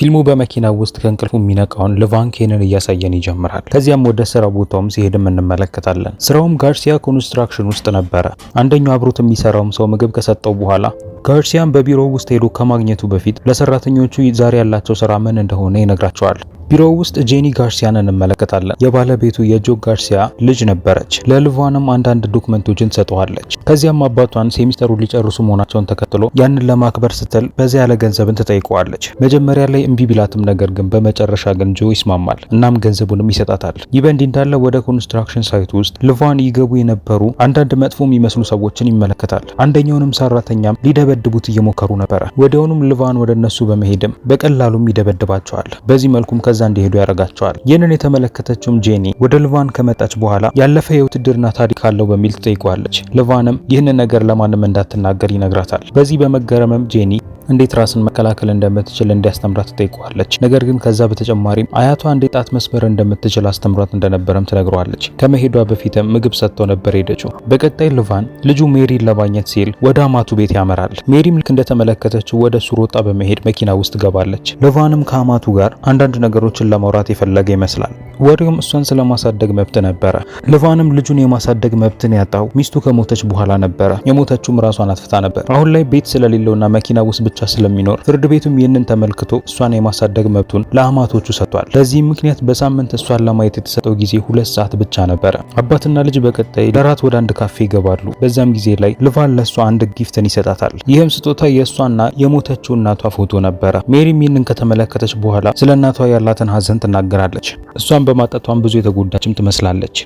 ፊልሙ በመኪና ውስጥ ከእንቅልፉ የሚነቃውን ኬንን እያሳየን ይጀምራል። ከዚያም ወደ ስራው ቦታውም ሲሄድም እንመለከታለን። ስራውም ጋርሲያ ኮንስትራክሽን ውስጥ ነበረ። አንደኛው አብሮት የሚሰራውም ሰው ምግብ ከሰጠው በኋላ ጋርሲያን በቢሮ ውስጥ ሄዶ ከማግኘቱ በፊት ለሰራተኞቹ ዛሬ ያላቸው ስራ ምን እንደሆነ ይነግራቸዋል። ቢሮው ውስጥ ጄኒ ጋርሲያን እንመለከታለን። የባለቤቱ የጆ ጋርሲያ ልጅ ነበረች። ለልቫንም አንዳንድ ዶክመንቶችን ሰጠዋለች። ከዚያም አባቷን ሴሚስተሩ ሊጨርሱ መሆናቸውን ተከትሎ ያንን ለማክበር ስትል በዛ ያለ ገንዘብን ትጠይቀዋለች። መጀመሪያ ላይ እምቢ ቢላትም ነገር ግን በመጨረሻ ግን ጆ ይስማማል። እናም ገንዘቡንም ይሰጣታል። ይህ በእንዲህ እንዳለ ወደ ኮንስትራክሽን ሳይት ውስጥ ልቫን ይገቡ የነበሩ አንዳንድ መጥፎ የሚመስሉ ሰዎችን ይመለከታል። አንደኛውንም ሰራተኛም ሊደበድቡት እየሞከሩ ነበረ። ወዲያውኑም ልቫን ወደ እነሱ በመሄድም በቀላሉም ይደበድባቸዋል። በዚህ መልኩም ከዛ ወደዛ እንዲሄዱ ያደርጋቸዋል። ይህንን የተመለከተችውም ጄኒ ወደ ልቫን ከመጣች በኋላ ያለፈ የውትድርና ታሪክ አለው በሚል ትጠይቋለች። ልቫንም ይህንን ነገር ለማንም እንዳትናገር ይነግራታል። በዚህ በመገረምም ጄኒ እንዴት ራስን መከላከል እንደምትችል እንዲያስተምራት ትጠይቀዋለች። ነገር ግን ከዛ በተጨማሪም አያቷ እንዴት ጣት መስበር እንደምትችል አስተምሯት እንደነበረም ትነግረዋለች። ከመሄዷ በፊትም ምግብ ሰጥተው ነበር ሄደችው። በቀጣይ ልቫን ልጁ ሜሪን ለማግኘት ሲል ወደ አማቱ ቤት ያመራል። ሜሪም ልክ እንደተመለከተችው ወደ እሱ ሮጣ በመሄድ መኪና ውስጥ ገባለች። ልቫንም ከአማቱ ጋር አንዳንድ ነገሮችን ለማውራት የፈለገ ይመስላል። ወሬውም እሷን ስለማሳደግ መብት ነበረ። ልቫንም ልጁን የማሳደግ መብትን ያጣው ሚስቱ ከሞተች በኋላ ነበረ። የሞተችውም ራሷን አትፍታ ነበር። አሁን ላይ ቤት ስለሌለውና መኪና ውስጥ ብቻ ስለሚኖር ፍርድ ቤቱም ይህንን ተመልክቶ እሷን የማሳደግ መብቱን ለአማቶቹ ሰጥቷል። ለዚህም ምክንያት በሳምንት እሷን ለማየት የተሰጠው ጊዜ ሁለት ሰዓት ብቻ ነበረ። አባትና ልጅ በቀጣይ ለራት ወደ አንድ ካፌ ይገባሉ። በዛም ጊዜ ላይ ልቫን ለእሷ አንድ ጊፍትን ይሰጣታል። ይህም ስጦታ የእሷና የሞተችው እናቷ ፎቶ ነበረ። ሜሪም ይህንን ከተመለከተች በኋላ ስለ እናቷ ያላትን ሀዘን ትናገራለች። እሷን በማጣቷን ብዙ የተጎዳችም ትመስላለች።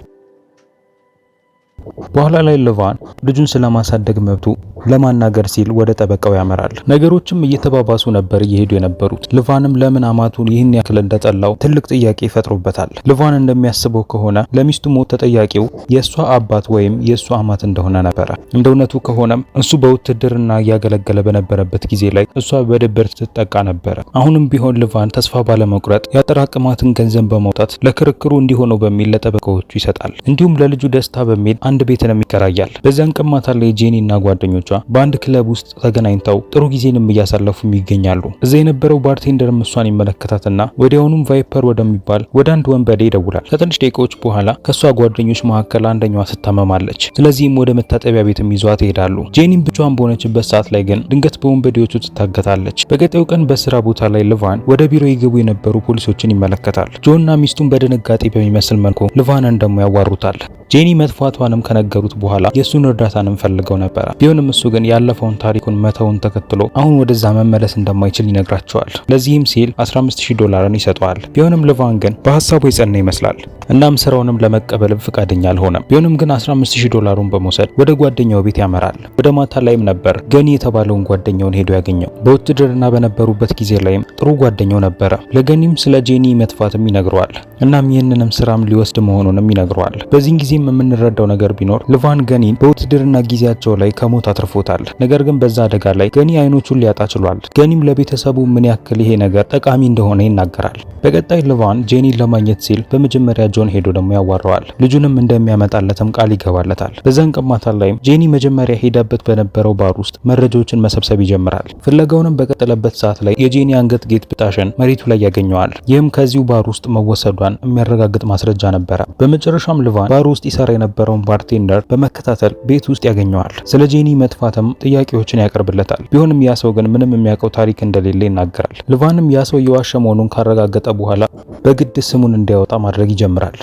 በኋላ ላይ ልቫን ልጁን ስለማሳደግ መብቱ ለማናገር ሲል ወደ ጠበቃው ያመራል። ነገሮችም እየተባባሱ ነበር እየሄዱ የነበሩት። ልቫንም ለምን አማቱን ይህን ያክል እንደጠላው ትልቅ ጥያቄ ይፈጥሩበታል። ልቫን እንደሚያስበው ከሆነ ለሚስቱ ሞት ተጠያቂው የእሷ አባት ወይም የእሷ አማት እንደሆነ ነበረ። እንደ እውነቱ ከሆነም እሱ በውትድርና እያገለገለ በነበረበት ጊዜ ላይ እሷ በድብርት ትጠቃ ነበረ። አሁንም ቢሆን ልቫን ተስፋ ባለመቁረጥ ያጠራቅማትን ገንዘብ በማውጣት ለክርክሩ እንዲሆነው በሚል ለጠበቃዎቹ ይሰጣል። እንዲሁም ለልጁ ደስታ በሚል አንድ ቤትንም ይከራያል። በዚያን ቀን ማታ ላይ ጄኒ እና ጓደኞቿ በአንድ ክለብ ውስጥ ተገናኝተው ጥሩ ጊዜንም እያሳለፉም ይገኛሉ። እዛ የነበረው ባርቴንደርም እሷን ይመለከታትና ወዲያውኑም ቫይፐር ወደሚባል ወደ አንድ ወንበዴ ይደውላል። ከትንሽ ደቂቃዎች በኋላ ከእሷ ጓደኞች መካከል አንደኛዋ ስታመማለች። ስለዚህም ወደ መታጠቢያ ቤትም ይዟት ይሄዳሉ። ጄኒም ብቻዋን በሆነችበት ሰዓት ላይ ግን ድንገት በወንበዴዎቹ ትታገታለች። በቀጣዩ ቀን በስራ ቦታ ላይ ልቫን ወደ ቢሮ ይገቡ የነበሩ ፖሊሶችን ይመለከታል። ጆንና ሚስቱን በድንጋጤ በሚመስል መልኩ ልቫንን ደግሞ ያዋሩታል። ጄኒ መጥፋቷንም ከነገሩት በኋላ የእሱን እርዳታንም ፈልገው ነበረ ቢሆንም እሱ ግን ያለፈውን ታሪኩን መተውን ተከትሎ አሁን ወደዛ መመለስ እንደማይችል ይነግራቸዋል። ለዚህም ሲል 15000 ዶላርን ይሰጠዋል። ቢሆንም ልቫን ግን በሀሳቡ የጸና ይመስላል። እናም ስራውንም ለመቀበልም ፈቃደኛ አልሆነም። ቢሆንም ግን 15000 ዶላሩን በመውሰድ ወደ ጓደኛው ቤት ያመራል። ወደ ማታ ላይም ነበር ገኒ የተባለውን ጓደኛውን ሄዶ ያገኘው። በውትድርና በነበሩበት ጊዜ ላይም ጥሩ ጓደኛው ነበረ። ለገኒም ስለ ጄኒ መጥፋትም ይነግረዋል። እናም ይህንንም ስራም ሊወስድ መሆኑንም ይነግረዋል። በዚህ ጊዜም የምንረዳው ነገር ቢኖር ልቫን ገኒን በውትድርና ጊዜያቸው ላይ ከሞት አትርፎ አልፎታል። ነገር ግን በዛ አደጋ ላይ ገኒ አይኖቹን ሊያጣ ችሏል። ገኒም ለቤተሰቡ ምን ያክል ይሄ ነገር ጠቃሚ እንደሆነ ይናገራል። በቀጣይ ልቫን ጄኒን ለማግኘት ሲል በመጀመሪያ ጆን ሄዶ ደግሞ ያዋረዋል። ልጁንም እንደሚያመጣለትም ቃል ይገባለታል። በዛን ቀማታ ላይም ጄኒ መጀመሪያ ሄዳበት በነበረው ባር ውስጥ መረጃዎችን መሰብሰብ ይጀምራል። ፍለጋውንም በቀጠለበት ሰዓት ላይ የጄኒ አንገት ጌጥ ብጣሽን መሬቱ ላይ ያገኘዋል። ይህም ከዚሁ ባር ውስጥ መወሰዷን የሚያረጋግጥ ማስረጃ ነበረ። በመጨረሻም ልቫን ባር ውስጥ ይሰራ የነበረውን ባርቴንደር በመከታተል ቤት ውስጥ ያገኘዋል። ስለ ጄኒ መጥፎ መጥፋትም ጥያቄዎችን ያቀርብለታል። ቢሆንም ያ ሰው ግን ምንም የሚያውቀው ታሪክ እንደሌለ ይናገራል። ልቫንም ያ ሰው የዋሸ መሆኑን ካረጋገጠ በኋላ በግድ ስሙን እንዲያወጣ ማድረግ ይጀምራል።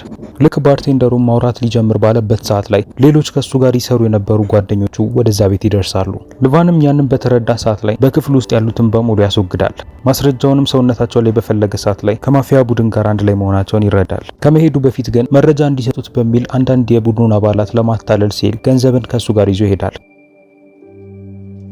ልክ ባርቴንደሩን ማውራት ሊጀምር ባለበት ሰዓት ላይ ሌሎች ከሱ ጋር ይሰሩ የነበሩ ጓደኞቹ ወደዛ ቤት ይደርሳሉ። ልቫንም ያንን በተረዳ ሰዓት ላይ በክፍል ውስጥ ያሉትን በሙሉ ያስወግዳል። ማስረጃውንም ሰውነታቸው ላይ በፈለገ ሰዓት ላይ ከማፊያ ቡድን ጋር አንድ ላይ መሆናቸውን ይረዳል። ከመሄዱ በፊት ግን መረጃ እንዲሰጡት በሚል አንዳንድ የቡድኑን አባላት ለማታለል ሲል ገንዘብን ከሱ ጋር ይዞ ይሄዳል።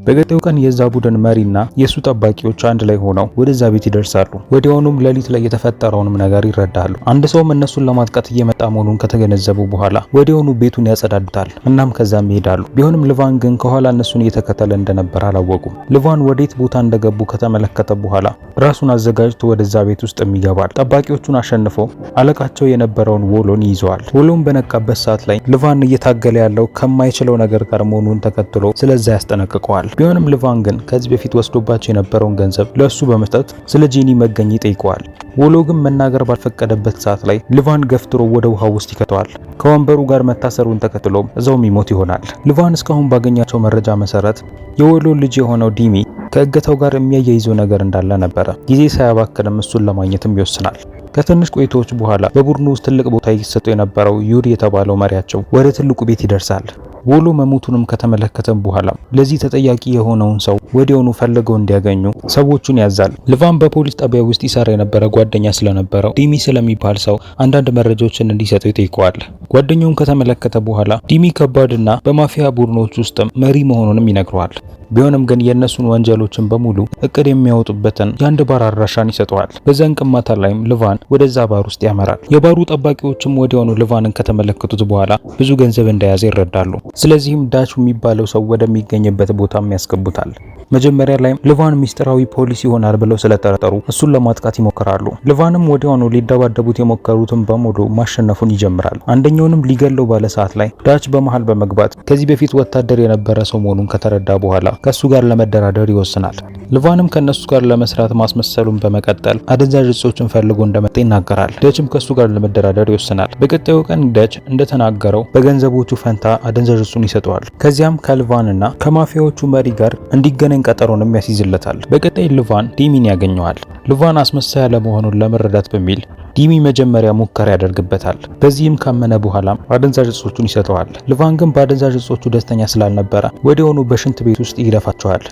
በገጠው ቀን የዛ ቡድን መሪና የሱ ጠባቂዎች አንድ ላይ ሆነው ወደዛ ቤት ይደርሳሉ። ወዲያውኑም ሌሊት ላይ የተፈጠረውንም ነገር ይረዳሉ። አንድ ሰውም እነሱን ለማጥቃት እየመጣ መሆኑን ከተገነዘቡ በኋላ ወዲያውኑ ቤቱን ያጸዳዱታል። እናም ከዛም ይሄዳሉ። ቢሆንም ልቫን ግን ከኋላ እነሱን እየተከተለ እንደነበር አላወቁም። ልቫን ወዴት ቦታ እንደገቡ ከተመለከተ በኋላ ራሱን አዘጋጅቶ ወደዛ ቤት ውስጥ ይገባል። ጠባቂዎቹን አሸንፎ አለቃቸው የነበረውን ወሎን ይዘዋል። ወሎን በነቃበት ሰዓት ላይ ልቫን እየታገለ ያለው ከማይችለው ነገር ጋር መሆኑን ተከትሎ ስለዛ ያስጠነቅቀዋል። ቢሆንም ልቫን ግን ከዚህ በፊት ወስዶባቸው የነበረውን ገንዘብ ለሱ በመስጠት ስለ ጄኒ መገኘ ይጠይቀዋል። ወሎ ግን መናገር ባልፈቀደበት ሰዓት ላይ ልቫን ገፍትሮ ወደ ውሃው ውስጥ ይከተዋል። ከወንበሩ ጋር መታሰሩን ተከትሎ እዛውም ይሞት ይሆናል። ልቫን እስካሁን ባገኛቸው መረጃ መሰረት የወሎ ልጅ የሆነው ዲሚ ከእገታው ጋር የሚያያይዘው ነገር እንዳለ ነበረ። ጊዜ ሳያባክንም እሱን ለማግኘትም ይወስናል። ከትንሽ ቆይታዎች በኋላ በቡድኑ ውስጥ ትልቅ ቦታ ይሰጠው የነበረው ዩሪ የተባለው መሪያቸው ወደ ትልቁ ቤት ይደርሳል። ቦሎ መሞቱንም ከተመለከተ በኋላ ለዚህ ተጠያቂ የሆነውን ሰው ወዲያውኑ ፈልገው እንዲያገኙ ሰዎቹን ያዛል። ልቫን በፖሊስ ጣቢያ ውስጥ ይሰራ የነበረ ጓደኛ ስለነበረው ዲሚ ስለሚባል ሰው አንዳንድ መረጃዎችን እንዲሰጠው ይጠይቀዋል። ጓደኛውን ከተመለከተ በኋላ ዲሚ ከባድና በማፊያ ቡድኖች ውስጥም መሪ መሆኑንም ይነግረዋል። ቢሆንም ግን የእነሱን ወንጀሎችን በሙሉ እቅድ የሚያወጡበትን የአንድ ባር አድራሻን ይሰጠዋል። በዚያን ቅማታ ላይም ልቫን ወደዛ ባር ውስጥ ያመራል። የባሩ ጠባቂዎችም ወዲያውኑ ልቫንን ከተመለከቱት በኋላ ብዙ ገንዘብ እንደያዘ ይረዳሉ። ስለዚህም ዳች የሚባለው ሰው ወደሚገኝበት ቦታም ያስገቡታል። መጀመሪያ ላይ ልቫን ሚስጥራዊ ፖሊስ ይሆናል ብለው ስለጠረጠሩ እሱን ለማጥቃት ይሞክራሉ። ልቫንም ወዲያውኑ ሊደባደቡት የሞከሩትን በሙሉ ማሸነፉን ይጀምራል። አንደኛውንም ሊገለው ባለ ሰዓት ላይ ዳች በመሃል በመግባት ከዚህ በፊት ወታደር የነበረ ሰው መሆኑን ከተረዳ በኋላ ከሱ ጋር ለመደራደር ይወስናል። ልቫንም ከነሱ ጋር ለመስራት ማስመሰሉን በመቀጠል አደንዛዥ እጾችን ፈልጎ እንደመጣ ይናገራል። ዳችም ከሱ ጋር ለመደራደር ይወስናል። በቀጣዩ ቀን ዳች እንደተናገረው በገንዘቦቹ ፈንታ አደንዛዥ እጹን ይሰጠዋል። ከዚያም ከልቫንና ከማፊያዎቹ መሪ ጋር እንዲገናኝ ቀን ቀጠሮንም ያስይዝለታል። በቀጣይ ልቫን ዲሚን ያገኘዋል። ልቫን አስመሳይ አለመሆኑን ለመረዳት በሚል ዲሚ መጀመሪያ ሙከራ ያደርግበታል። በዚህም ካመነ በኋላም አደንዛዥ እጾቹን ይሰጠዋል። ልቫን ግን በአደንዛዥ እጾቹ ደስተኛ ስላልነበረ ወዲያውኑ በሽንት ቤት ውስጥ ይደፋቸዋል።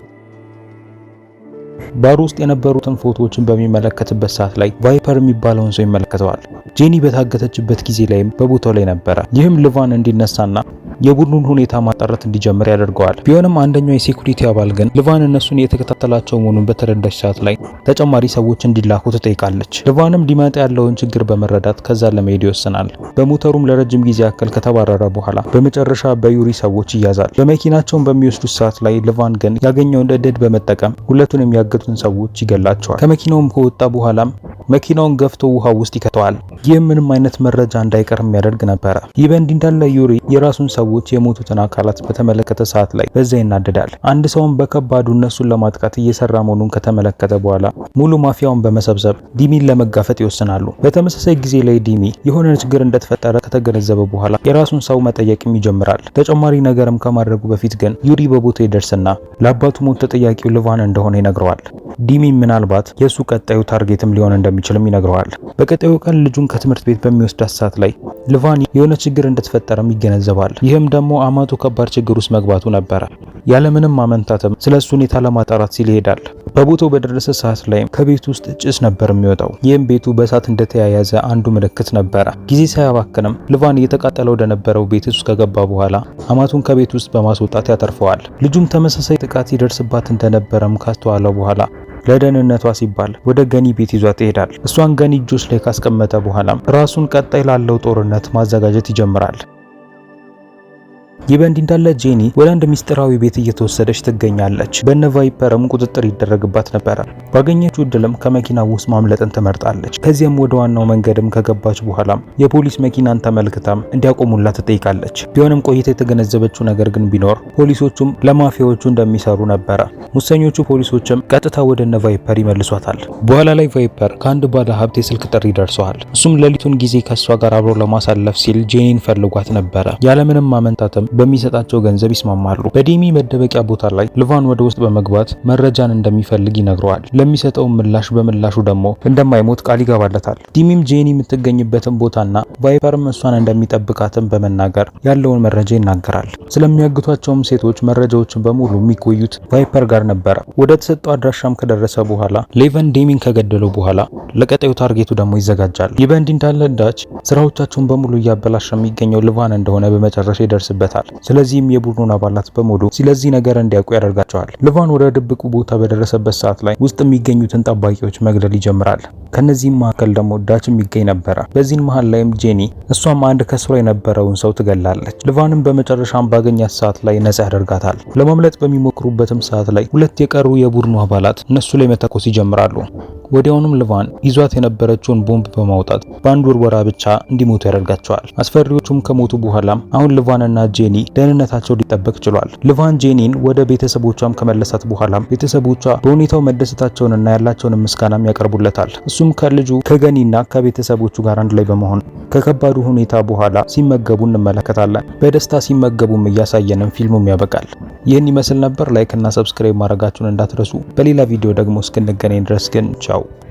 ባር ውስጥ የነበሩትን ፎቶዎችን በሚመለከትበት ሰዓት ላይ ቫይፐር የሚባለውን ሰው ይመለከተዋል። ጄኒ በታገተችበት ጊዜ ላይም በቦታው ላይ ነበረ። ይህም ልቫን እንዲነሳና የቡድኑን ሁኔታ ማጣራት እንዲጀምር ያደርገዋል። ቢሆንም አንደኛው የሴኩሪቲ አባል ግን ልቫን እነሱን የተከታተላቸው መሆኑን በተረዳች ሰዓት ላይ ተጨማሪ ሰዎች እንዲላኩ ትጠይቃለች። ልቫንም ሊመጣ ያለውን ችግር በመረዳት ከዛ ለመሄድ ይወስናል። በሞተሩም ለረጅም ጊዜ ያክል ከተባረረ በኋላ በመጨረሻ በዩሪ ሰዎች ይያዛል። በመኪናቸውን በሚወስዱት ሰዓት ላይ ልቫን ግን ያገኘውን እድል በመጠቀም ሁለቱንም የሚታገቱትን ሰዎች ይገላቸዋል። ከመኪናውም ከወጣ በኋላም መኪናውን ገፍቶ ውሃ ውስጥ ይከተዋል። ይህም ምንም አይነት መረጃ እንዳይቀር የሚያደርግ ነበረ። ይህ በእንዲህ እንዳለ ዩሪ የራሱን ሰዎች የሞቱትን አካላት በተመለከተ ሰዓት ላይ በዛ ይናደዳል። አንድ ሰውን በከባዱ እነሱን ለማጥቃት እየሰራ መሆኑን ከተመለከተ በኋላ ሙሉ ማፊያውን በመሰብሰብ ዲሚን ለመጋፈጥ ይወስናሉ። በተመሳሳይ ጊዜ ላይ ዲሚ የሆነ ችግር እንደተፈጠረ ከተገነዘበ በኋላ የራሱን ሰው መጠየቅም ይጀምራል። ተጨማሪ ነገርም ከማድረጉ በፊት ግን ዩሪ በቦታ ይደርስና ለአባቱ ሞት ተጠያቂው ልቫን እንደሆነ ይነግረዋል። ይነግረዋል። ዲሚ ምናልባት የእሱ ቀጣዩ ታርጌትም ሊሆን እንደሚችልም ይነግረዋል። በቀጣዩ ቀን ልጁን ከትምህርት ቤት በሚወስዳት ሰዓት ላይ ልቫን የሆነ ችግር እንደተፈጠረም ይገነዘባል። ይህም ደግሞ አማቱ ከባድ ችግር ውስጥ መግባቱ ነበረ። ያለምንም አመንታትም ስለ እሱ ሁኔታ ለማጣራት ሲል ይሄዳል። በቦታው በደረሰ ሰዓት ላይ ከቤት ውስጥ ጭስ ነበር የሚወጣው። ይህም ቤቱ በእሳት እንደተያያዘ አንዱ ምልክት ነበረ። ጊዜ ሳያባክንም ልቫን እየተቃጠለ ወደነበረው ቤት ውስጥ ከገባ በኋላ አማቱን ከቤት ውስጥ በማስወጣት ያተርፈዋል። ልጁም ተመሳሳይ ጥቃት ይደርስባት እንደነበረም ካስተዋለ በኋላ ለደህንነቷ ሲባል ወደ ገኒ ቤት ይዟት ይሄዳል። እሷን ገኒ እጆች ላይ ካስቀመጠ በኋላ ራሱን ቀጣይ ላለው ጦርነት ማዘጋጀት ይጀምራል። ይህ በእንዲህ እንዳለ ጄኒ ወደ አንድ ሚስጥራዊ ቤት እየተወሰደች ትገኛለች። በነ ቫይፐርም ቁጥጥር ይደረግባት ነበረ። ባገኘችው እድልም ከመኪና ውስጥ ማምለጥን ትመርጣለች። ከዚያም ወደ ዋናው መንገድም ከገባች በኋላም የፖሊስ መኪናን ተመልክታም እንዲያቆሙላት ትጠይቃለች። ቢሆንም ቆይታ የተገነዘበችው ነገር ግን ቢኖር ፖሊሶቹም ለማፊያዎቹ እንደሚሰሩ ነበረ። ሙሰኞቹ ፖሊሶችም ቀጥታ ወደ እነ ቫይፐር ይመልሷታል። በኋላ ላይ ቫይፐር ከአንድ ባለ ሀብት የስልክ ጥሪ ደርሰዋል። እሱም ሌሊቱን ጊዜ ከእሷ ጋር አብሮ ለማሳለፍ ሲል ጄኒን ፈልጓት ነበረ። ያለምንም ማመንታትም በሚሰጣቸው ገንዘብ ይስማማሉ። በዴሚ መደበቂያ ቦታ ላይ ልቫን ወደ ውስጥ በመግባት መረጃን እንደሚፈልግ ይነግረዋል። ለሚሰጠው ምላሽ በምላሹ ደግሞ እንደማይሞት ቃል ይገባለታል። ዲሚም ጄኒ የምትገኝበትን ቦታና ቫይፐርም እሷን እንደሚጠብቃትም በመናገር ያለውን መረጃ ይናገራል። ስለሚያግቷቸውም ሴቶች መረጃዎችን በሙሉ የሚቆዩት ቫይፐር ጋር ነበረ። ወደ ተሰጠው አድራሻም ከደረሰ በኋላ ሌቨን ዴሚን ከገደለው በኋላ ለቀጣዩ ታርጌቱ ደግሞ ይዘጋጃል። ይህ በእንዲህ እንዳለ ዳች ስራዎቻቸውን በሙሉ እያበላሸ የሚገኘው ልቫን እንደሆነ በመጨረሻ ይደርስበታል። ያደርጋታል። ስለዚህም የቡድኑን አባላት በሙሉ ስለዚህ ነገር እንዲያውቁ ያደርጋቸዋል። ልቫን ወደ ድብቁ ቦታ በደረሰበት ሰዓት ላይ ውስጥ የሚገኙትን ጠባቂዎች መግደል ይጀምራል። ከነዚህም መካከል ደግሞ ዳች የሚገኝ ነበረ። በዚህን መሀል ላይም ጄኒ እሷም አንድ ከስሮ የነበረውን ሰው ትገላለች። ልቫንም በመጨረሻም ባገኛት ሰዓት ላይ ነጻ ያደርጋታል። ለማምለጥ በሚሞክሩበትም ሰዓት ላይ ሁለት የቀሩ የቡድኑ አባላት እነሱ ላይ መተኮስ ይጀምራሉ። ወዲያውኑም ልቫን ይዟት የነበረችውን ቦምብ በማውጣት በአንድ ውርወራ ብቻ እንዲሞቱ ያደርጋቸዋል። አስፈሪዎቹም ከሞቱ በኋላም አሁን ልቫንና ጄኒ ደህንነታቸው ሊጠበቅ ችሏል። ልቫን ጄኒን ወደ ቤተሰቦቿም ከመለሳት በኋላም ቤተሰቦቿ በሁኔታው መደሰታቸውንና ያላቸውን ምስጋናም ያቀርቡለታል። እሱም ከልጁ ከገኒና ከቤተሰቦቹ ጋር አንድ ላይ በመሆን ከከባዱ ሁኔታ በኋላ ሲመገቡ እንመለከታለን። በደስታ ሲመገቡም እያሳየንም ፊልሙም ያበቃል። ይህን ይመስል ነበር። ላይክ እና ሰብስክራይብ ማድረጋችሁን እንዳትረሱ። በሌላ ቪዲዮ ደግሞ እስክንገናኝ ድረስ ግን ቻው። out.